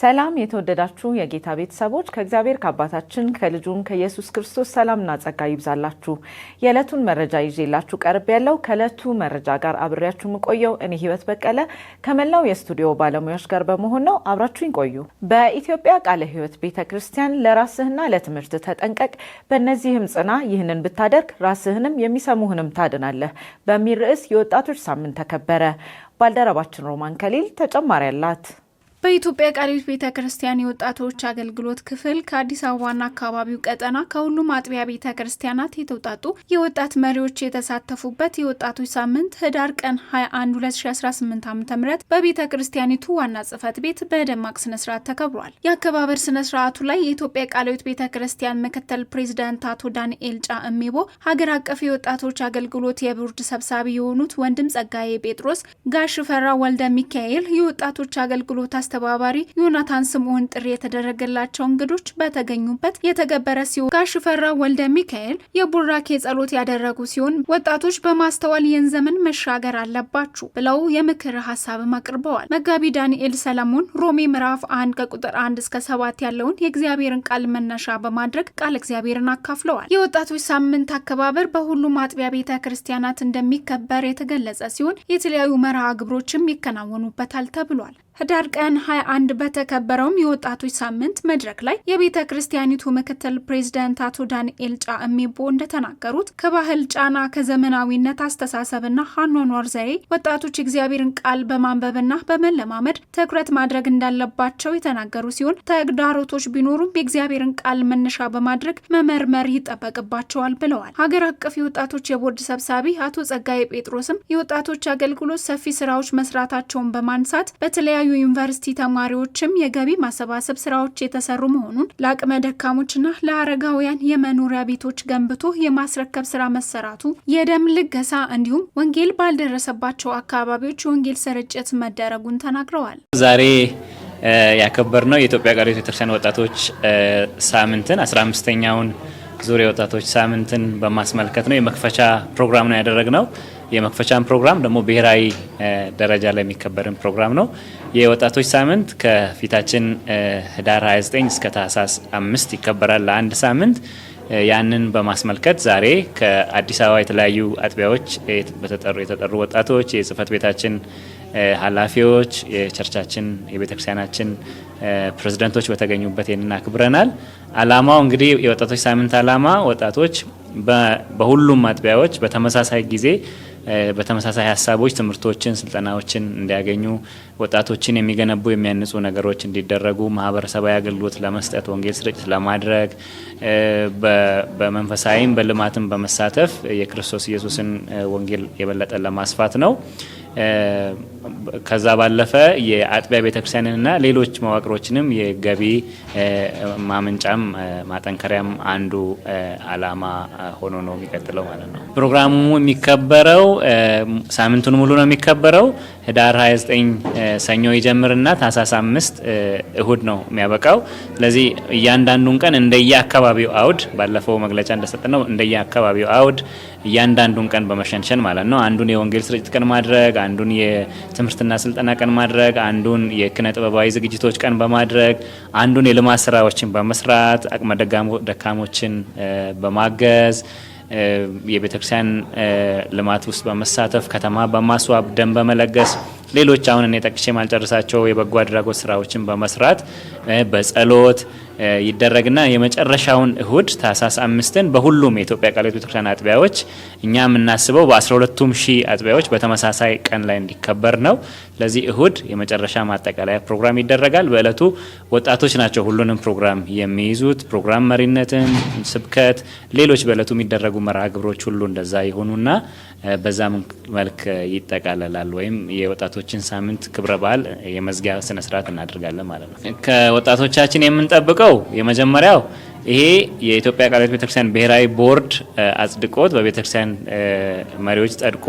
ሰላም የተወደዳችሁ የጌታ ቤተሰቦች ከእግዚአብሔር ከአባታችን ከልጁም ከኢየሱስ ክርስቶስ ሰላምና ጸጋ ይብዛላችሁ። የዕለቱን መረጃ ይዤላችሁ ቀርብ ያለው ከዕለቱ መረጃ ጋር አብሬያችሁ የምቆየው እኔ ህይወት በቀለ ከመላው የስቱዲዮ ባለሙያዎች ጋር በመሆን ነው። አብራችሁኝ ቆዩ። በኢትዮጵያ ቃለ ህይወት ቤተ ክርስቲያን ለራስህና ለትምህርት ተጠንቀቅ፣ በእነዚህም ጽና፣ ይህንን ብታደርግ ራስህንም የሚሰሙህንም ታድናለህ በሚል ርዕስ የወጣቶች ሳምንት ተከበረ። ባልደረባችን ሮማን ከሊል ተጨማሪ አላት። በኢትዮጵያ ቃሊቲ ቤተ ክርስቲያን የወጣቶች አገልግሎት ክፍል ከአዲስ አበባና አካባቢው ቀጠና ከሁሉም አጥቢያ ቤተ ክርስቲያናት የተውጣጡ የወጣት መሪዎች የተሳተፉበት የወጣቶች ሳምንት ህዳር ቀን 21 2018 ዓ ም በቤተ ክርስቲያኒቱ ዋና ጽህፈት ቤት በደማቅ ስነስርዓት ተከብሯል። የአከባበር ስነስርዓቱ ላይ የኢትዮጵያ ቃለዊት ቤተ ክርስቲያን ምክትል ፕሬዚዳንት አቶ ዳንኤል ጫ እሜቦ፣ ሀገር አቀፍ የወጣቶች አገልግሎት የቦርድ ሰብሳቢ የሆኑት ወንድም ጸጋዬ ጴጥሮስ፣ ጋሽ ፈራ ወልደ ሚካኤል የወጣቶች አገልግሎት አስተባባሪ ዮናታን ስምኦን ጥሪ የተደረገላቸው እንግዶች በተገኙበት የተገበረ ሲሆን ጋሽፈራ ወልደ ሚካኤል የቡራኬ ጸሎት ያደረጉ ሲሆን ወጣቶች በማስተዋል ይህን ዘመን መሻገር አለባችሁ ብለው የምክር ሀሳብም አቅርበዋል። መጋቢ ዳንኤል ሰለሞን ሮሜ ምዕራፍ አንድ ከቁጥር አንድ እስከ ሰባት ያለውን የእግዚአብሔርን ቃል መነሻ በማድረግ ቃል እግዚአብሔርን አካፍለዋል። የወጣቶች ሳምንት አከባበር በሁሉም አጥቢያ ቤተ ክርስቲያናት እንደሚከበር የተገለጸ ሲሆን የተለያዩ መርሃ ግብሮችም ይከናወኑበታል ተብሏል። ህዳር ቀን 21 በተከበረውም የወጣቶች ሳምንት መድረክ ላይ የቤተ ክርስቲያኒቱ ምክትል ፕሬዚደንት አቶ ዳንኤል ጫ እሚቦ እንደተናገሩት ከባህል ጫና ከዘመናዊነት አስተሳሰብና አኗኗር ዘዬ ወጣቶች እግዚአብሔርን ቃል በማንበብና በመለማመድ ትኩረት ማድረግ እንዳለባቸው የተናገሩ ሲሆን ተግዳሮቶች ቢኖሩም የእግዚአብሔርን ቃል መነሻ በማድረግ መመርመር ይጠበቅባቸዋል ብለዋል። ሀገር አቀፍ የወጣቶች የቦርድ ሰብሳቢ አቶ ጸጋዬ ጴጥሮስም የወጣቶች አገልግሎት ሰፊ ስራዎች መስራታቸውን በማንሳት በተለያዩ የተለያዩ ዩኒቨርሲቲ ተማሪዎችም የገቢ ማሰባሰብ ስራዎች የተሰሩ መሆኑን ለአቅመ ደካሞችና ለአረጋውያን የመኖሪያ ቤቶች ገንብቶ የማስረከብ ስራ መሰራቱ፣ የደም ልገሳ እንዲሁም ወንጌል ባልደረሰባቸው አካባቢዎች የወንጌል ስርጭት መደረጉን ተናግረዋል። ዛሬ ያከበር ነው የኢትዮጵያ ቀሪ ቤተክርስቲያን ወጣቶች ሳምንትን 15ኛውን ዙሪያ ወጣቶች ሳምንትን በማስመልከት ነው የመክፈቻ ፕሮግራም ነው ያደረግ ነው። የመክፈቻን ፕሮግራም ደግሞ ብሔራዊ ደረጃ ላይ የሚከበርን ፕሮግራም ነው። የወጣቶች ሳምንት ከፊታችን ህዳር 29 እስከ ታህሳስ አምስት ይከበራል ለአንድ ሳምንት። ያንን በማስመልከት ዛሬ ከአዲስ አበባ የተለያዩ አጥቢያዎች በተጠሩ የተጠሩ ወጣቶች የጽህፈት ቤታችን ኃላፊዎች የቸርቻችን የቤተክርስቲያናችን ፕሬዝደንቶች በተገኙበት ይህንን አክብረናል። አላማው እንግዲህ የወጣቶች ሳምንት አላማ ወጣቶች በሁሉም አጥቢያዎች በተመሳሳይ ጊዜ በተመሳሳይ ሀሳቦች ትምህርቶችን፣ ስልጠናዎችን እንዲያገኙ ወጣቶችን የሚገነቡ የሚያንጹ ነገሮች እንዲደረጉ ማህበረሰባዊ አገልግሎት ለመስጠት ወንጌል ስርጭት ለማድረግ በመንፈሳዊም በልማትም በመሳተፍ የክርስቶስ ኢየሱስን ወንጌል የበለጠ ለማስፋት ነው። ከዛ ባለፈ የአጥቢያ ቤተክርስቲያንንና ሌሎች መዋቅሮችንም የገቢ ማመንጫም ማጠንከሪያም አንዱ አላማ ሆኖ ነው የሚቀጥለው ማለት ነው። ፕሮግራሙ የሚከበረው ሳምንቱን ሙሉ ነው የሚከበረው። ህዳር 29 ሰኞ ይጀምርና ታህሳስ 5 እሁድ ነው የሚያበቃው። ስለዚህ እያንዳንዱን ቀን አካባቢው አውድ ባለፈው መግለጫ እንደሰጠነው አካባቢው አውድ እያንዳንዱን ቀን በመሸንሸን ማለት ነው አንዱን የወንጌል ስርጭት ቀን ማድረግ አንዱን ትምህርትና ስልጠና ቀን ማድረግ፣ አንዱን የኪነ ጥበባዊ ዝግጅቶች ቀን በማድረግ፣ አንዱን የልማት ስራዎችን በመስራት አቅመ ደካሞችን በማገዝ የቤተክርስቲያን ልማት ውስጥ በመሳተፍ ከተማ በማስዋብ ደን በመለገስ ሌሎች አሁን እኔ ጠቅሼ ማልጨርሳቸው የበጎ አድራጎት ስራዎችን በመስራት በጸሎት ይደረግና የመጨረሻውን እሁድ ታሳስ አምስትን በሁሉም የኢትዮጵያ ቃለ ሕይወት ቤተክርስቲያን አጥቢያዎች እኛ የምናስበው በ 12 ሺህ አጥቢያዎች በተመሳሳይ ቀን ላይ እንዲከበር ነው። ለዚህ እሁድ የመጨረሻ ማጠቃለያ ፕሮግራም ይደረጋል። በእለቱ ወጣቶች ናቸው ሁሉንም ፕሮግራም የሚይዙት። ፕሮግራም መሪነትን፣ ስብከት፣ ሌሎች በእለቱ የሚደረጉ መርሃ ግብሮች ሁሉ እንደዛ የሆኑና በዛ መልክ ይጠቃለላል። ወይም የወጣቶችን ሳምንት ክብረ በዓል የመዝጊያ ስነስርዓት እናደርጋለን ማለት ነው። ከወጣቶቻችን የምንጠብቀው የሚለው የመጀመሪያው ይሄ የኢትዮጵያ ቃለ ሕይወት ቤተክርስቲያን ብሔራዊ ቦርድ አጽድቆት በቤተክርስቲያን መሪዎች ጸድቆ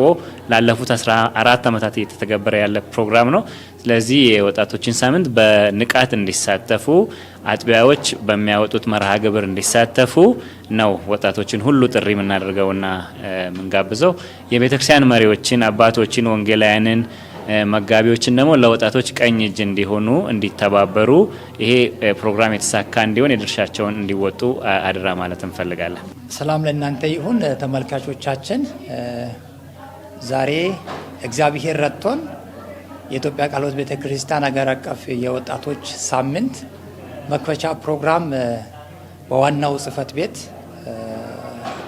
ላለፉት 14 ዓመታት እየተተገበረ ያለ ፕሮግራም ነው። ስለዚህ የወጣቶችን ሳምንት በንቃት እንዲሳተፉ አጥቢያዎች በሚያወጡት መርሃ ግብር እንዲሳተፉ ነው ወጣቶችን ሁሉ ጥሪ የምናደርገውና የምንጋብዘው የቤተክርስቲያን መሪዎችን፣ አባቶችን፣ ወንጌላውያንን መጋቢዎችን ደግሞ ለወጣቶች ቀኝ እጅ እንዲሆኑ እንዲተባበሩ ይሄ ፕሮግራም የተሳካ እንዲሆን የድርሻቸውን እንዲወጡ አድራ ማለት እንፈልጋለን። ሰላም ለእናንተ ይሁን ተመልካቾቻችን። ዛሬ እግዚአብሔር ረድቶን የኢትዮጵያ ቃለ ቤተክርስቲያን ቤተ ክርስቲያን ሀገር አቀፍ የወጣቶች ሳምንት መክፈቻ ፕሮግራም በዋናው ጽህፈት ቤት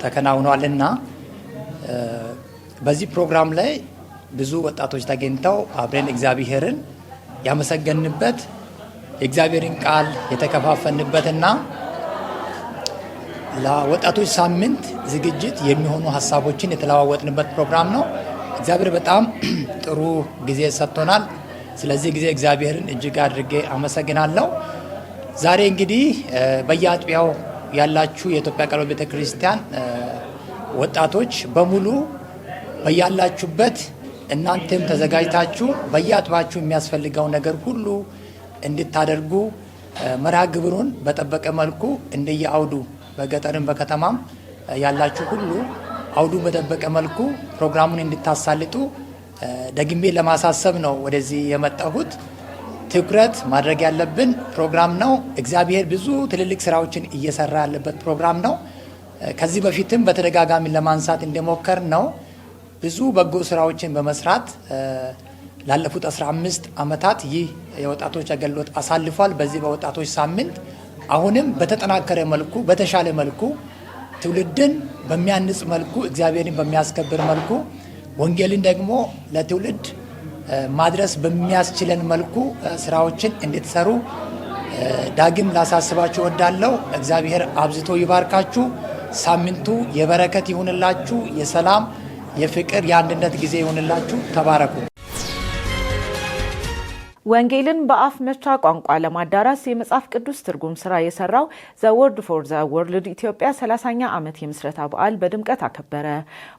ተከናውኗልና በዚህ ፕሮግራም ላይ ብዙ ወጣቶች ተገኝተው አብረን እግዚአብሔርን ያመሰገንበት የእግዚአብሔርን ቃል የተከፋፈንበትና ለወጣቶች ሳምንት ዝግጅት የሚሆኑ ሀሳቦችን የተለዋወጥንበት ፕሮግራም ነው። እግዚአብሔር በጣም ጥሩ ጊዜ ሰጥቶናል። ስለዚህ ጊዜ እግዚአብሔርን እጅግ አድርጌ አመሰግናለሁ። ዛሬ እንግዲህ በየአጥቢያው ያላችሁ የኢትዮጵያ ቃል ቤተ ክርስቲያን ወጣቶች በሙሉ በያላችሁበት እናንተም ተዘጋጅታችሁ በየአጥባችሁ የሚያስፈልገው ነገር ሁሉ እንድታደርጉ መርሃ ግብሩን በጠበቀ መልኩ እንደየአውዱ በገጠርም በከተማም ያላችሁ ሁሉ አውዱን በጠበቀ መልኩ ፕሮግራሙን እንድታሳልጡ ደግሜ ለማሳሰብ ነው ወደዚህ የመጣሁት። ትኩረት ማድረግ ያለብን ፕሮግራም ነው። እግዚአብሔር ብዙ ትልልቅ ስራዎችን እየሰራ ያለበት ፕሮግራም ነው። ከዚህ በፊትም በተደጋጋሚ ለማንሳት እንደሞከር ነው ብዙ በጎ ስራዎችን በመስራት ላለፉት 15 ዓመታት ይህ የወጣቶች አገልግሎት አሳልፏል። በዚህ በወጣቶች ሳምንት አሁንም በተጠናከረ መልኩ በተሻለ መልኩ ትውልድን በሚያንጽ መልኩ እግዚአብሔርን በሚያስከብር መልኩ ወንጌልን ደግሞ ለትውልድ ማድረስ በሚያስችለን መልኩ ስራዎችን እንድትሰሩ ዳግም ላሳስባችሁ እወዳለሁ። እግዚአብሔር አብዝቶ ይባርካችሁ። ሳምንቱ የበረከት ይሁንላችሁ። የሰላም የፍቅር የአንድነት ጊዜ ይሆንላችሁ። ተባረኩ። ወንጌልን በአፍ መፍቻ ቋንቋ ለማዳረስ የመጽሐፍ ቅዱስ ትርጉም ስራ የሰራው ዘ ወርድ ፎር ዘ ወርልድ ኢትዮጵያ 30ኛ ዓመት የምስረታ በዓል በድምቀት አከበረ።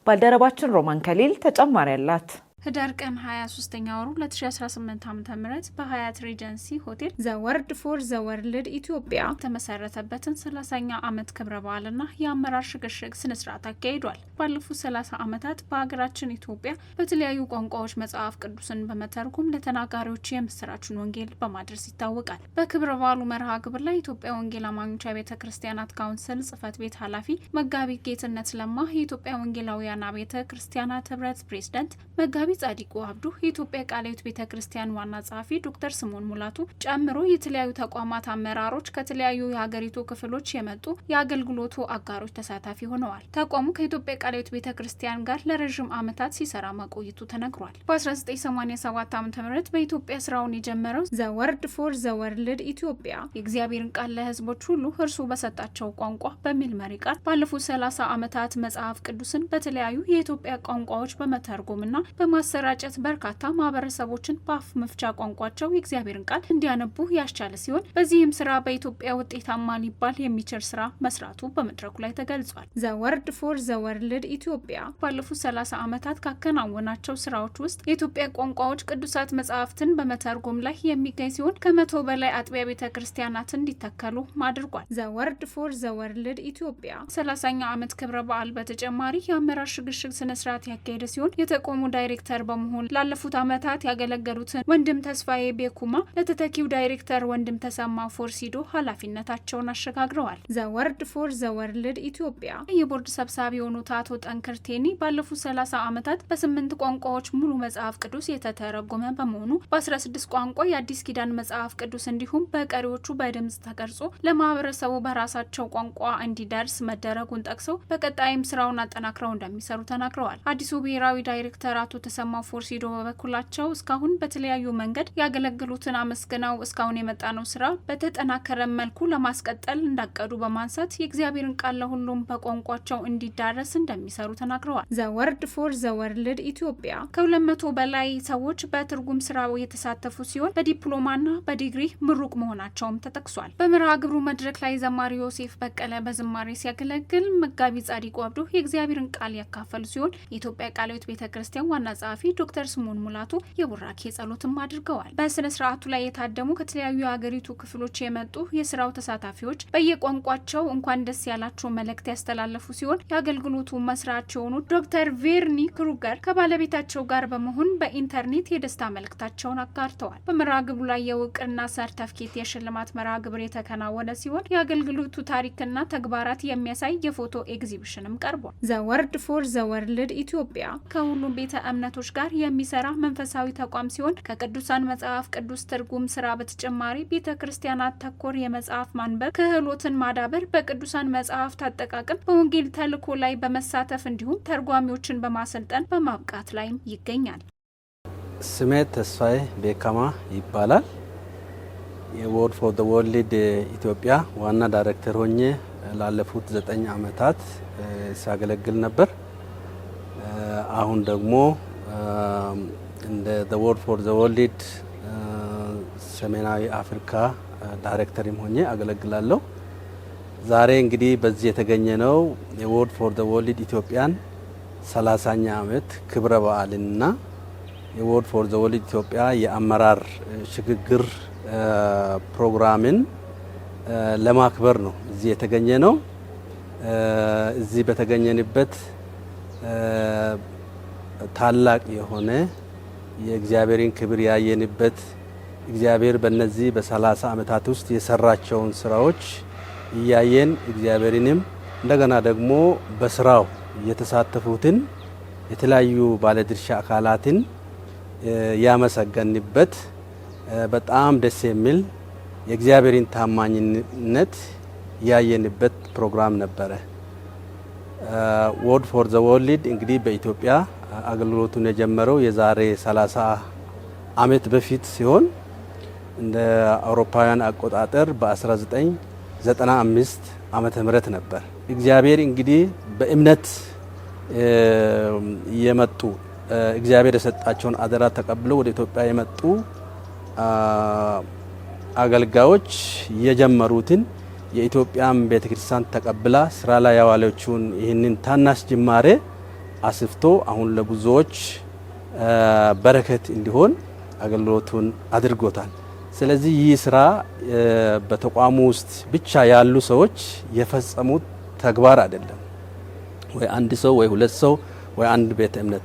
ባልደረባችን ሮማን ከሌል ተጨማሪ አላት። ህዳር ቀን 23ኛ ወሩ 2018 ዓ ም በሀያት ሬጀንሲ ሆቴል ዘወርድ ፎር ዘወርልድ ኢትዮጵያ የተመሰረተበትን 30ኛ ዓመት ክብረ በዓልና የአመራር ሽግሽግ ስነስርዓት አካሂዷል። ባለፉት 30 ዓመታት በሀገራችን ኢትዮጵያ በተለያዩ ቋንቋዎች መጽሐፍ ቅዱስን በመተርጎም ለተናጋሪዎች የምስራችን ወንጌል በማድረስ ይታወቃል። በክብረ በዓሉ መርሃ ግብር ላይ የኢትዮጵያ ወንጌል አማኞች ቤተ ክርስቲያናት ካውንስል ጽህፈት ቤት ኃላፊ መጋቢ ጌትነት ለማ፣ የኢትዮጵያ ወንጌላውያን ቤተ ክርስቲያናት ህብረት ፕሬዚደንት መጋቢ ጻዲቁ አብዱ፣ የኢትዮጵያ ቃላዊት ቤተ ክርስቲያን ዋና ጸሐፊ ዶክተር ስምኦን ሙላቱ ጨምሮ የተለያዩ ተቋማት አመራሮች ከተለያዩ የሀገሪቱ ክፍሎች የመጡ የአገልግሎቱ አጋሮች ተሳታፊ ሆነዋል። ተቋሙ ከኢትዮጵያ ቃላዊት ቤተ ክርስቲያን ጋር ለረዥም ዓመታት ሲሰራ መቆየቱ ተነግሯል። በ1987 ዓ ም በኢትዮጵያ ስራውን የጀመረው ዘወርድ ፎር ዘወርልድ ኢትዮጵያ የእግዚአብሔርን ቃል ለህዝቦች ሁሉ እርሱ በሰጣቸው ቋንቋ በሚል መሪ ቃል ባለፉት 30 ዓመታት መጽሐፍ ቅዱስን በተለያዩ የኢትዮጵያ ቋንቋዎች በመተርጎምና በማ ማሰራጨት በርካታ ማህበረሰቦችን በአፍ መፍቻ ቋንቋቸው የእግዚአብሔርን ቃል እንዲያነቡ ያስቻለ ሲሆን በዚህም ስራ በኢትዮጵያ ውጤታማ ሊባል የሚችል ስራ መስራቱ በመድረኩ ላይ ተገልጿል። ዘወርድ ፎር ዘወርልድ ኢትዮጵያ ባለፉት ሰላሳ ዓመታት ካከናወናቸው ስራዎች ውስጥ የኢትዮጵያ ቋንቋዎች ቅዱሳት መጽሐፍትን በመተርጎም ላይ የሚገኝ ሲሆን ከመቶ በላይ አጥቢያ ቤተ ክርስቲያናት እንዲተከሉ አድርጓል። ዘወርድ ፎር ዘወርልድ ኢትዮጵያ ሰላሳኛ ዓመት ክብረ በዓል በተጨማሪ የአመራር ሽግሽግ ስነስርዓት ያካሄደ ሲሆን የተቆሙ ዳይሬክተር ዳይሬክተር በመሆን ላለፉት ዓመታት ያገለገሉትን ወንድም ተስፋዬ ቤኩማ ለተተኪው ዳይሬክተር ወንድም ተሰማ ፎርሲዶ ኃላፊነታቸውን አሸጋግረዋል። ዘወርድ ፎር ዘወርልድ ኢትዮጵያ የቦርድ ሰብሳቢ የሆኑት አቶ ጠንክር ቴኒ ባለፉት 30 ዓመታት በስምንት ቋንቋዎች ሙሉ መጽሐፍ ቅዱስ የተተረጎመ በመሆኑ በ16 ቋንቋ የአዲስ ኪዳን መጽሐፍ ቅዱስ እንዲሁም በቀሪዎቹ በድምፅ ተቀርጾ ለማህበረሰቡ በራሳቸው ቋንቋ እንዲደርስ መደረጉን ጠቅሰው በቀጣይም ስራውን አጠናክረው እንደሚሰሩ ተናግረዋል። አዲሱ ብሔራዊ ዳይሬክተር አቶ ተሰ ተሰማው ፎርሲዶ በበኩላቸው እስካሁን በተለያዩ መንገድ ያገለግሉትን አመስግነው እስካሁን የመጣነው ስራ በተጠናከረ መልኩ ለማስቀጠል እንዳቀዱ በማንሳት የእግዚአብሔርን ቃል ለሁሉም በቋንቋቸው እንዲዳረስ እንደሚሰሩ ተናግረዋል። ዘ ወርድ ፎር ዘ ወርልድ ኢትዮጵያ ከሁለት መቶ በላይ ሰዎች በትርጉም ስራው የተሳተፉ ሲሆን በዲፕሎማና በዲግሪ ምሩቅ መሆናቸውም ተጠቅሷል። በመርሃ ግብሩ መድረክ ላይ ዘማሪ ዮሴፍ በቀለ በዝማሬ ሲያገለግል፣ መጋቢ ጻዲቁ አብዶ የእግዚአብሔርን ቃል ያካፈሉ ሲሆን የኢትዮጵያ ቃለ ሕይወት ቤተ ክርስቲያን ዋና ጸ ጸሐፊ ዶክተር ስሞን ሙላቱ የቡራኬ ጸሎትም አድርገዋል። በስነ ስርዓቱ ላይ የታደሙ ከተለያዩ የሀገሪቱ ክፍሎች የመጡ የስራው ተሳታፊዎች በየቋንቋቸው እንኳን ደስ ያላቸው መልእክት ያስተላለፉ ሲሆን የአገልግሎቱ መስራች የሆኑ ዶክተር ቬርኒ ክሩገር ከባለቤታቸው ጋር በመሆን በኢንተርኔት የደስታ መልእክታቸውን አጋርተዋል። በመርሃ ግብሩ ላይ የእውቅና ሰርተፍኬት የሽልማት መርሃ ግብር የተከናወነ ሲሆን የአገልግሎቱ ታሪክና ተግባራት የሚያሳይ የፎቶ ኤግዚቢሽንም ቀርቧል። ዘወርድ ፎር ዘወርልድ ኢትዮጵያ ከሁሉም ቤተ እምነቶች ወጣቶች ጋር የሚሰራ መንፈሳዊ ተቋም ሲሆን ከቅዱሳን መጽሐፍ ቅዱስ ትርጉም ስራ በተጨማሪ ቤተ ክርስቲያናት ተኮር የመጽሐፍ ማንበብ ክህሎትን ማዳበር፣ በቅዱሳን መጽሐፍት አጠቃቀም፣ በወንጌል ተልዕኮ ላይ በመሳተፍ እንዲሁም ተርጓሚዎችን በማሰልጠን በማብቃት ላይም ይገኛል። ስሜ ተስፋዬ ቤካማ ይባላል። የወርድ ፎር ወርልድ ኢትዮጵያ ዋና ዳይሬክተር ሆኜ ላለፉት ዘጠኝ ዓመታት ሲያገለግል ነበር። አሁን ደግሞ እንደ ዘ ወርድ ፎር ዘ ወርልድ ሰሜናዊ አፍሪካ ዳይሬክተርም ሆኜ አገለግላለሁ። ዛሬ እንግዲህ በዚህ የተገኘ ነው የወርድ ፎር ዘ ወርልድ ኢትዮጵያን ሰላሳኛ ዓመት ክብረ በዓልንና የወርድ ፎር ዘ ወርልድ ኢትዮጵያ የአመራር ሽግግር uh, ፕሮግራምን uh, ለማክበር ነው እዚህ የተገኘ ነው። uh, እዚህ በተገኘንበት ታላቅ የሆነ የእግዚአብሔርን ክብር ያየንበት እግዚአብሔር በእነዚህ በሰላሳ ዓመታት ውስጥ የሰራቸውን ስራዎች እያየን እግዚአብሔርንም እንደገና ደግሞ በስራው የተሳተፉትን የተለያዩ ባለድርሻ አካላትን ያመሰገንበት በጣም ደስ የሚል የእግዚአብሔርን ታማኝነት ያየንበት ፕሮግራም ነበረ። ወርድ ፎር ዘ ወርልድ እንግዲህ በኢትዮጵያ አገልግሎቱን የጀመረው የዛሬ 30 ዓመት በፊት ሲሆን እንደ አውሮፓውያን አቆጣጠር በ1995 ዓመተ ምህረት ነበር። እግዚአብሔር እንግዲህ በእምነት የመጡ እግዚአብሔር የሰጣቸውን አደራ ተቀብለው ወደ ኢትዮጵያ የመጡ አገልጋዮች የጀመሩትን የኢትዮጵያን ቤተክርስቲያን ተቀብላ ስራ ላይ ያዋለችውን ይህንን ታናሽ ጅማሬ አስፍቶ አሁን ለብዙዎች በረከት እንዲሆን አገልግሎቱን አድርጎታል። ስለዚህ ይህ ስራ በተቋሙ ውስጥ ብቻ ያሉ ሰዎች የፈጸሙት ተግባር አይደለም፣ ወይ አንድ ሰው ወይ ሁለት ሰው ወይ አንድ ቤተ እምነት፣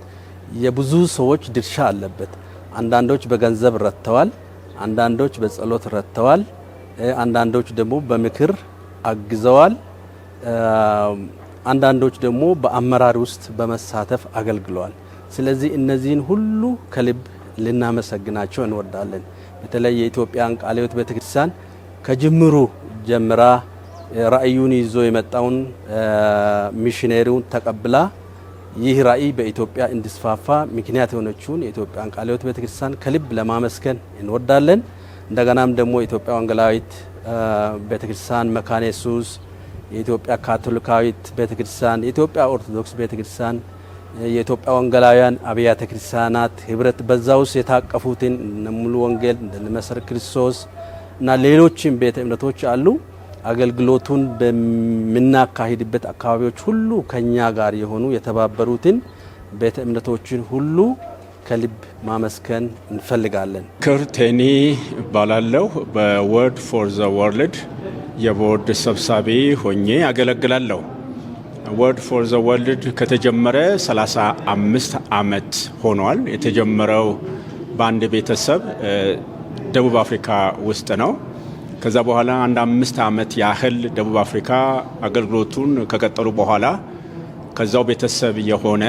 የብዙ ሰዎች ድርሻ አለበት። አንዳንዶች በገንዘብ ረድተዋል፣ አንዳንዶች በጸሎት ረድተዋል፣ አንዳንዶች ደግሞ በምክር አግዘዋል። አንዳንዶች ደግሞ በአመራር ውስጥ በመሳተፍ አገልግለዋል። ስለዚህ እነዚህን ሁሉ ከልብ ልናመሰግናቸው እንወዳለን። በተለይ የኢትዮጵያን ቃለ ሕይወት ቤተክርስቲያን ከጅምሩ ጀምራ ራዕዩን ይዞ የመጣውን ሚሽነሪውን ተቀብላ ይህ ራእይ በኢትዮጵያ እንዲስፋፋ ምክንያት የሆነችውን የኢትዮጵያን ቃለ ሕይወት ቤተክርስቲያን ከልብ ለማመስገን እንወዳለን። እንደገናም ደግሞ የኢትዮጵያ ወንጌላዊት ቤተክርስቲያን መካነ ኢየሱስ የኢትዮጵያ ካቶሊካዊት ቤተክርስቲያን፣ የኢትዮጵያ ኦርቶዶክስ ቤተክርስቲያን፣ የኢትዮጵያ ወንጌላውያን አብያተ ክርስቲያናት ህብረት በዛ ውስጥ የታቀፉትን ሙሉ ወንጌል እንደነመሰር ክርስቶስ እና ሌሎችም ቤተ እምነቶች አሉ። አገልግሎቱን በምናካሂድበት አካባቢዎች ሁሉ ከኛ ጋር የሆኑ የተባበሩትን ቤተ እምነቶችን ሁሉ ከልብ ማመስገን እንፈልጋለን። ክርቴኒ እባላለሁ በወርድ ፎር ዘ ወርልድ የቦርድ ሰብሳቢ ሆኜ ያገለግላለሁ። ወርድ ፎር ዘ ወርልድ ከተጀመረ 35 ዓመት ሆኗል። የተጀመረው በአንድ ቤተሰብ ደቡብ አፍሪካ ውስጥ ነው። ከዛ በኋላ አንድ አምስት ዓመት ያህል ደቡብ አፍሪካ አገልግሎቱን ከቀጠሉ በኋላ ከዛው ቤተሰብ የሆነ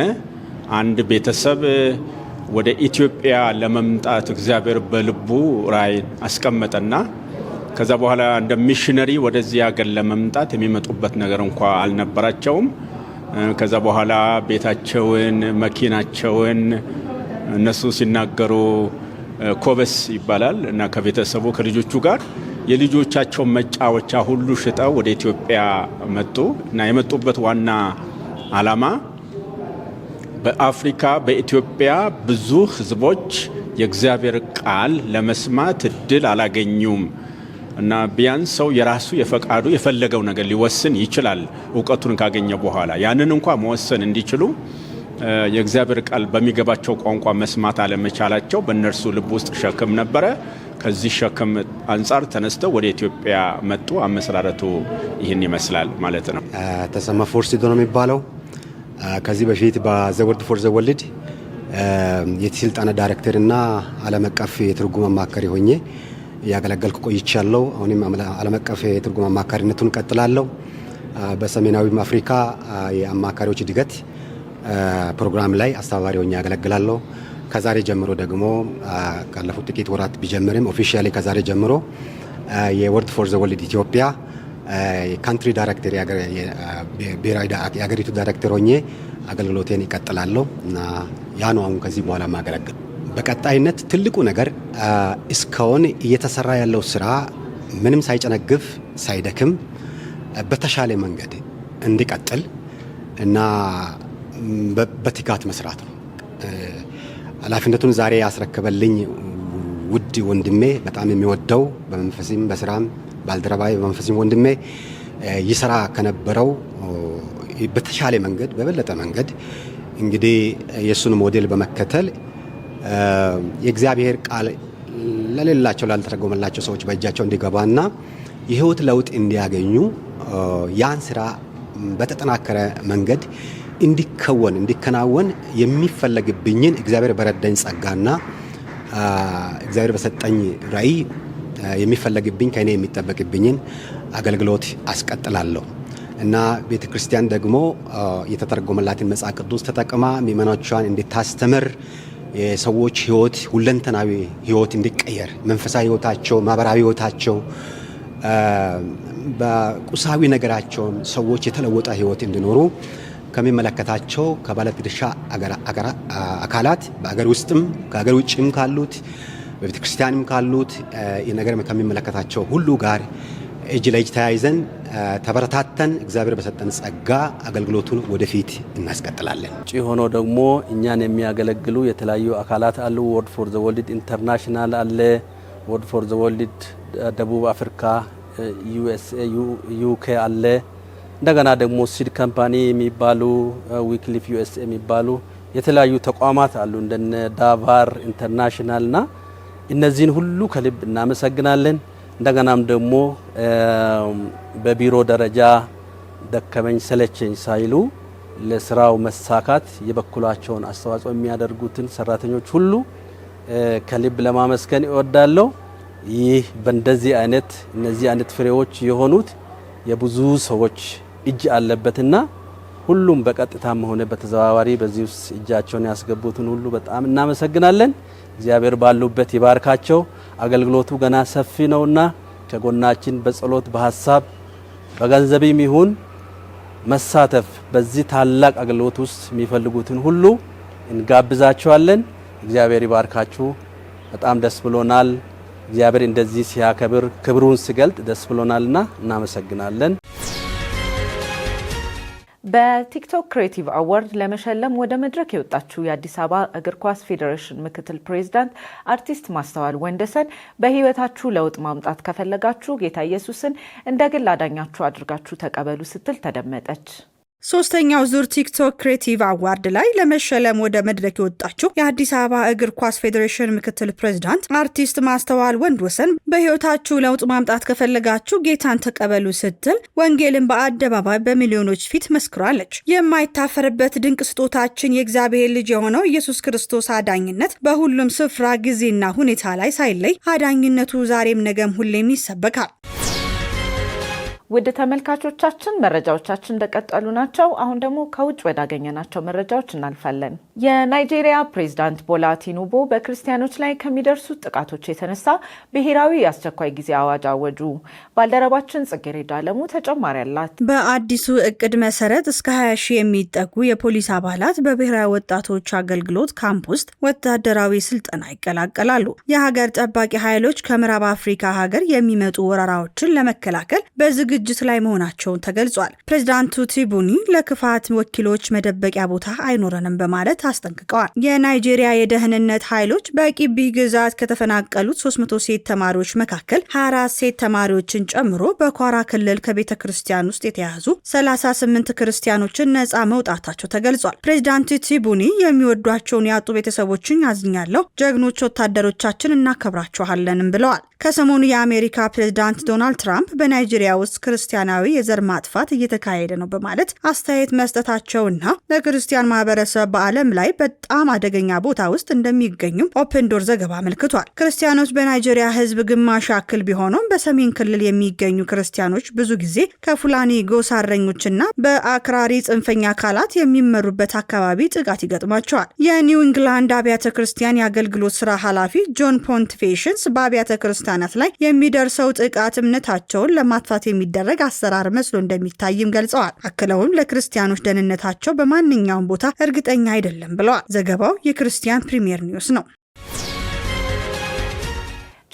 አንድ ቤተሰብ ወደ ኢትዮጵያ ለመምጣት እግዚአብሔር በልቡ ራይ አስቀመጠና ከዛ በኋላ እንደ ሚሽነሪ ወደዚህ ሀገር ለመምጣት የሚመጡበት ነገር እንኳ አልነበራቸውም። ከዛ በኋላ ቤታቸውን፣ መኪናቸውን እነሱ ሲናገሩ ኮበስ ይባላል እና ከቤተሰቡ ከልጆቹ ጋር የልጆቻቸውን መጫወቻ ሁሉ ሽጠው ወደ ኢትዮጵያ መጡ እና የመጡበት ዋና ዓላማ በአፍሪካ በኢትዮጵያ ብዙ ሕዝቦች የእግዚአብሔር ቃል ለመስማት እድል አላገኙም። እና ቢያንስ ሰው የራሱ የፈቃዱ የፈለገው ነገር ሊወስን ይችላል። እውቀቱን ካገኘ በኋላ ያንን እንኳ መወሰን እንዲችሉ የእግዚአብሔር ቃል በሚገባቸው ቋንቋ መስማት አለመቻላቸው በእነርሱ ልብ ውስጥ ሸክም ነበረ። ከዚህ ሸክም አንጻር ተነስተው ወደ ኢትዮጵያ መጡ። አመሰራረቱ ይህን ይመስላል ማለት ነው። ተሰማ ሲዶ ነው የሚባለው። ከዚህ በፊት በዘወርድ ፎር ዘወልድ የስልጠና ዳይሬክተር እና ዓለም አቀፍ የትርጉም አማካሪ ሆኜ እያገለገልኩ ቆይቻለሁ። አሁንም ዓለም አቀፍ የትርጉም አማካሪነቱን ቀጥላለሁ። በሰሜናዊ አፍሪካ የአማካሪዎች እድገት ፕሮግራም ላይ አስተባባሪ ሆኜ ያገለግላለሁ። ከዛሬ ጀምሮ ደግሞ ካለፉት ጥቂት ወራት ቢጀምርም ኦፊሻሊ ከዛሬ ጀምሮ የወርድ ፎር ዘ ኢትዮጵያ ካንትሪ ዳይሬክተር ብሔራዊ የሀገሪቱ ዳይሬክተር ሆኜ አገልግሎቴን ይቀጥላለሁ እና ያ ነው አሁን ከዚህ በኋላ ማገለግል በቀጣይነት ትልቁ ነገር እስካሁን እየተሰራ ያለው ስራ ምንም ሳይጨነግፍ ሳይደክም በተሻለ መንገድ እንዲቀጥል እና በትጋት መስራት ነው። ኃላፊነቱን ዛሬ ያስረከበልኝ ውድ ወንድሜ በጣም የሚወደው በመንፈስም በስራም ባልደረባዊ በመንፈስም ወንድሜ ይሰራ ከነበረው በተሻለ መንገድ በበለጠ መንገድ እንግዲህ የእሱን ሞዴል በመከተል የእግዚአብሔር ቃል ለሌላቸው ላልተረጎመላቸው ሰዎች በእጃቸው እንዲገባና የህይወት ለውጥ እንዲያገኙ ያን ስራ በተጠናከረ መንገድ እንዲከወን እንዲከናወን የሚፈለግብኝን እግዚአብሔር በረዳኝ ጸጋና እግዚአብሔር በሰጠኝ ራዕይ የሚፈለግብኝ ከእኔ የሚጠበቅብኝን አገልግሎት አስቀጥላለሁ እና ቤተ ክርስቲያን ደግሞ የተተረጎመላትን መጽሐፍ ቅዱስ ተጠቅማ ምእመኖቿን እንድታስተምር የሰዎች ህይወት ሁለንተናዊ ህይወት እንዲቀየር መንፈሳዊ ህይወታቸው፣ ማህበራዊ ህይወታቸው፣ በቁሳዊ ነገራቸውን ሰዎች የተለወጠ ህይወት እንዲኖሩ ከሚመለከታቸው ከባለድርሻ አካላት በአገር ውስጥም ከአገር ውጭም ካሉት በቤተክርስቲያንም ካሉት ነገር ከሚመለከታቸው ሁሉ ጋር እጅ ለእጅ ተያይዘን ተበረታተን እግዚአብሔር በሰጠን ጸጋ አገልግሎቱን ወደፊት እናስቀጥላለን። ውጭ ሆኖ ደግሞ እኛን የሚያገለግሉ የተለያዩ አካላት አሉ። ወርድ ፎር ዘ ወልድ ኢንተርናሽናል አለ። ወርድ ፎር ዘ ወልድ ደቡብ አፍሪካ፣ ዩኤስኤ፣ ዩኬ አለ። እንደገና ደግሞ ሲድ ካምፓኒ የሚባሉ ዊክሊፍ ዩኤስኤ የሚባሉ የተለያዩ ተቋማት አሉ እንደነ ዳቫር ና እነዚህን ሁሉ ከልብ እናመሰግናለን። እንደገናም ደግሞ በቢሮ ደረጃ ደከመኝ ሰለቸኝ ሳይሉ ለስራው መሳካት የበኩላቸውን አስተዋጽኦ የሚያደርጉትን ሰራተኞች ሁሉ ከልብ ለማመስገን እወዳለሁ። ይህ በእንደዚህ አይነት እነዚህ አይነት ፍሬዎች የሆኑት የብዙ ሰዎች እጅ አለበትና ሁሉም በቀጥታም ሆነ በተዘዋዋሪ በዚህ ውስጥ እጃቸውን ያስገቡትን ሁሉ በጣም እናመሰግናለን። እግዚአብሔር ባሉበት ይባርካቸው። አገልግሎቱ ገና ሰፊ ነውና ከጎናችን በጸሎት በሀሳብ በገንዘብም ይሁን መሳተፍ በዚህ ታላቅ አገልግሎት ውስጥ የሚፈልጉትን ሁሉ እንጋብዛችኋለን። እግዚአብሔር ይባርካችሁ። በጣም ደስ ብሎናል። እግዚአብሔር እንደዚህ ሲያከብር ክብሩን ሲገልጥ ደስ ብሎናልና እናመሰግናለን። በቲክቶክ ክሬቲቭ አዋርድ ለመሸለም ወደ መድረክ የወጣችው የአዲስ አበባ እግር ኳስ ፌዴሬሽን ምክትል ፕሬዚዳንት አርቲስት ማስተዋል ወንደሰን በሕይወታችሁ ለውጥ ማምጣት ከፈለጋችሁ ጌታ ኢየሱስን እንደ ግል አዳኛችሁ አድርጋችሁ ተቀበሉ ስትል ተደመጠች። ሶስተኛው ዙር ቲክቶክ ክሬቲቭ አዋርድ ላይ ለመሸለም ወደ መድረክ የወጣችው የአዲስ አበባ እግር ኳስ ፌዴሬሽን ምክትል ፕሬዚዳንት አርቲስት ማስተዋል ወንድ ወሰን በሕይወታችሁ ለውጥ ማምጣት ከፈለጋችሁ ጌታን ተቀበሉ ስትል ወንጌልን በአደባባይ በሚሊዮኖች ፊት መስክሯለች። የማይታፈርበት ድንቅ ስጦታችን የእግዚአብሔር ልጅ የሆነው ኢየሱስ ክርስቶስ አዳኝነት በሁሉም ስፍራ ጊዜና ሁኔታ ላይ ሳይለይ አዳኝነቱ ዛሬም ነገም ሁሌም ይሰበካል። ውድ ተመልካቾቻችን መረጃዎቻችን እንደቀጠሉ ናቸው። አሁን ደግሞ ከውጭ ወዳገኘናቸው መረጃዎች እናልፋለን። የናይጄሪያ ፕሬዝዳንት ቦላ ቲኑቡ በክርስቲያኖች ላይ ከሚደርሱት ጥቃቶች የተነሳ ብሔራዊ የአስቸኳይ ጊዜ አዋጅ አወጁ። ባልደረባችን ጽጌሬዳ አለሙ ተጨማሪ አላት። በአዲሱ እቅድ መሰረት እስከ 20 ሺህ የሚጠጉ የፖሊስ አባላት በብሔራዊ ወጣቶች አገልግሎት ካምፕ ውስጥ ወታደራዊ ስልጠና ይቀላቀላሉ። የሀገር ጠባቂ ኃይሎች ከምዕራብ አፍሪካ ሀገር የሚመጡ ወረራዎችን ለመከላከል በዝግ ዝግጅት ላይ መሆናቸውን ተገልጿል። ፕሬዚዳንቱ ቲቡኒ ለክፋት ወኪሎች መደበቂያ ቦታ አይኖረንም በማለት አስጠንቅቀዋል። የናይጄሪያ የደህንነት ኃይሎች በቂቢ ግዛት ከተፈናቀሉት 300 ሴት ተማሪዎች መካከል 24 ሴት ተማሪዎችን ጨምሮ በኳራ ክልል ከቤተ ክርስቲያን ውስጥ የተያዙ 38 ክርስቲያኖችን ነጻ መውጣታቸው ተገልጿል። ፕሬዚዳንቱ ቲቡኒ የሚወዷቸውን ያጡ ቤተሰቦችን ያዝኛለሁ፣ ጀግኖች ወታደሮቻችን እናከብራችኋለንም ብለዋል። ከሰሞኑ የአሜሪካ ፕሬዚዳንት ዶናልድ ትራምፕ በናይጄሪያ ውስጥ ክርስቲያናዊ የዘር ማጥፋት እየተካሄደ ነው በማለት አስተያየት መስጠታቸውና ለክርስቲያን ማህበረሰብ በዓለም ላይ በጣም አደገኛ ቦታ ውስጥ እንደሚገኙም ኦፕን ዶር ዘገባ አመልክቷል። ክርስቲያኖች በናይጄሪያ ህዝብ ግማሽ ያክል ቢሆኑም በሰሜን ክልል የሚገኙ ክርስቲያኖች ብዙ ጊዜ ከፉላኒ ጎሳረኞችና በአክራሪ ጽንፈኛ አካላት የሚመሩበት አካባቢ ጥቃት ይገጥማቸዋል። የኒው ኢንግላንድ አብያተ ክርስቲያን የአገልግሎት ስራ ኃላፊ ጆን ፖንትፌሽንስ በአብያተ ክርስቲያናት ላይ የሚደርሰው ጥቃት እምነታቸውን ለማጥፋት የሚደ የሚደረግ አሰራር መስሎ እንደሚታይም ገልጸዋል። አክለውም ለክርስቲያኖች ደህንነታቸው በማንኛውም ቦታ እርግጠኛ አይደለም ብለዋል። ዘገባው የክርስቲያን ፕሪሚየር ኒውስ ነው።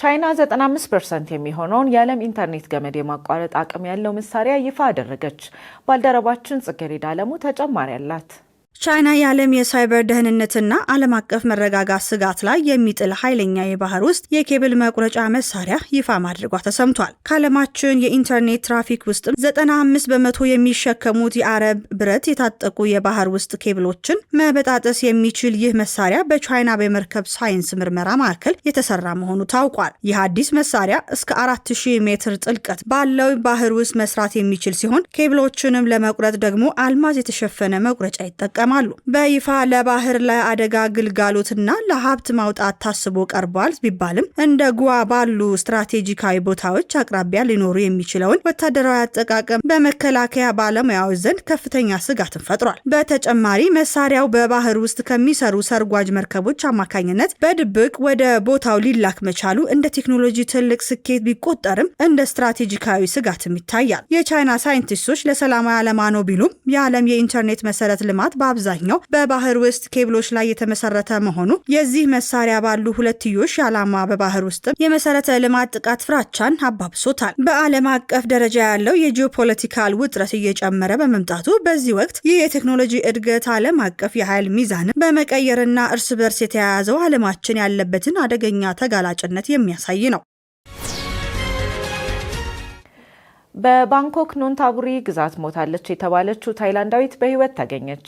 ቻይና 95 ፐርሰንት የሚሆነውን የዓለም ኢንተርኔት ገመድ የማቋረጥ አቅም ያለው መሳሪያ ይፋ አደረገች። ባልደረባችን ጽገሬዳ አለሙ ተጨማሪ አላት። ቻይና የዓለም የሳይበር ደህንነትና ዓለም አቀፍ መረጋጋት ስጋት ላይ የሚጥል ኃይለኛ የባህር ውስጥ የኬብል መቁረጫ መሳሪያ ይፋ ማድረጓ ተሰምቷል። ከዓለማችን የኢንተርኔት ትራፊክ ውስጥም 95 በመቶ የሚሸከሙት የአረብ ብረት የታጠቁ የባህር ውስጥ ኬብሎችን መበጣጠስ የሚችል ይህ መሳሪያ በቻይና በመርከብ ሳይንስ ምርመራ ማዕከል የተሰራ መሆኑ ታውቋል። ይህ አዲስ መሳሪያ እስከ 4000 ሜትር ጥልቀት ባለው ባህር ውስጥ መስራት የሚችል ሲሆን ኬብሎችንም ለመቁረጥ ደግሞ አልማዝ የተሸፈነ መቁረጫ ይጠቀማል። ይጠቀማሉ። በይፋ ለባህር ላይ አደጋ ግልጋሎትና ለሀብት ማውጣት ታስቦ ቀርቧል ቢባልም እንደ ጉዋ ባሉ ስትራቴጂካዊ ቦታዎች አቅራቢያ ሊኖሩ የሚችለውን ወታደራዊ አጠቃቀም በመከላከያ ባለሙያዎች ዘንድ ከፍተኛ ስጋትን ፈጥሯል። በተጨማሪ መሳሪያው በባህር ውስጥ ከሚሰሩ ሰርጓጅ መርከቦች አማካኝነት በድብቅ ወደ ቦታው ሊላክ መቻሉ እንደ ቴክኖሎጂ ትልቅ ስኬት ቢቆጠርም እንደ ስትራቴጂካዊ ስጋትም ይታያል። የቻይና ሳይንቲስቶች ለሰላማዊ ዓላማ ነው ቢሉም የዓለም የኢንተርኔት መሰረት ልማት በ በአብዛኛው በባህር ውስጥ ኬብሎች ላይ የተመሰረተ መሆኑ የዚህ መሳሪያ ባሉ ሁለትዮሽ ዓላማ በባህር ውስጥም የመሰረተ ልማት ጥቃት ፍራቻን አባብሶታል። በዓለም አቀፍ ደረጃ ያለው የጂኦፖለቲካል ውጥረት እየጨመረ በመምጣቱ በዚህ ወቅት ይህ የቴክኖሎጂ እድገት ዓለም አቀፍ የኃይል ሚዛንን በመቀየርና እርስ በርስ የተያያዘው ዓለማችን ያለበትን አደገኛ ተጋላጭነት የሚያሳይ ነው። በባንኮክ ኖንታቡሪ ግዛት ሞታለች የተባለችው ታይላንዳዊት በሕይወት ተገኘች።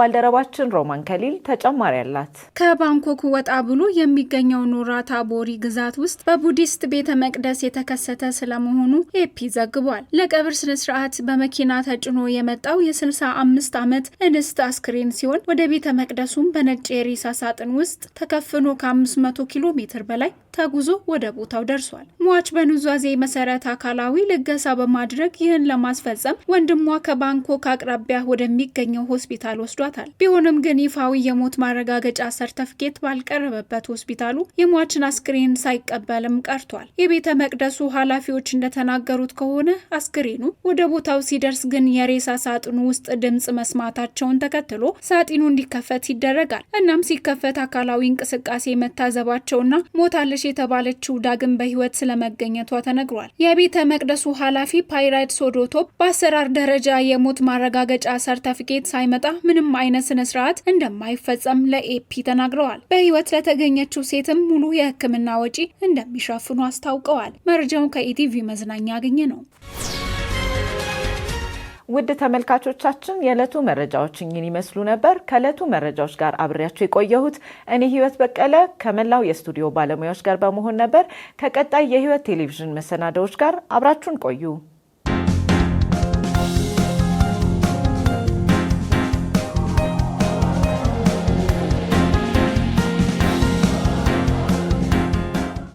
ባልደረባችን ሮማን ከሊል ተጨማሪ አላት። ከባንኮክ ወጣ ብሎ የሚገኘው ኑራ ታቦሪ ግዛት ውስጥ በቡዲስት ቤተ መቅደስ የተከሰተ ስለመሆኑ ኤፒ ዘግቧል። ለቀብር ስነስርዓት በመኪና ተጭኖ የመጣው የ65 ዓመት እንስት አስክሬን ሲሆን ወደ ቤተ መቅደሱም በነጭ የሬሳ ሳጥን ውስጥ ተከፍኖ ከ500 ኪሎ ሜትር በላይ ተጉዞ ወደ ቦታው ደርሷል። ሟች በኑዛዜ መሰረት አካላዊ ልገሳ በማድረግ ይህን ለማስፈጸም ወንድሟ ከባንኮክ አቅራቢያ ወደሚገኘው ሆስፒታል ወስዷል ተወስዶባታል። ቢሆንም ግን ይፋዊ የሞት ማረጋገጫ ሰርተፍኬት ባልቀረበበት ሆስፒታሉ የሟችን አስክሬን ሳይቀበልም ቀርቷል። የቤተ መቅደሱ ኃላፊዎች እንደተናገሩት ከሆነ አስክሬኑ ወደ ቦታው ሲደርስ ግን የሬሳ ሳጥኑ ውስጥ ድምፅ መስማታቸውን ተከትሎ ሳጢኑ እንዲከፈት ይደረጋል። እናም ሲከፈት አካላዊ እንቅስቃሴ መታዘባቸውና ሞታለች የተባለችው ዳግም በህይወት ስለመገኘቷ ተነግሯል። የቤተ መቅደሱ ኃላፊ ፓይራይት ሶዶቶ በአሰራር ደረጃ የሞት ማረጋገጫ ሰርተፍኬት ሳይመጣ ምንም አይነት ስነ-ስርዓት እንደማይፈጸም ለኤፒ ተናግረዋል። በህይወት ለተገኘችው ሴትም ሙሉ የህክምና ወጪ እንደሚሸፍኑ አስታውቀዋል። መረጃውን ከኢቲቪ መዝናኛ ያገኘ ነው። ውድ ተመልካቾቻችን የዕለቱ መረጃዎች እኝን ይመስሉ ነበር። ከዕለቱ መረጃዎች ጋር አብሬያቸው የቆየሁት እኔ ህይወት በቀለ ከመላው የስቱዲዮ ባለሙያዎች ጋር በመሆን ነበር። ከቀጣይ የህይወት ቴሌቪዥን መሰናዳዎች ጋር አብራችሁን ቆዩ።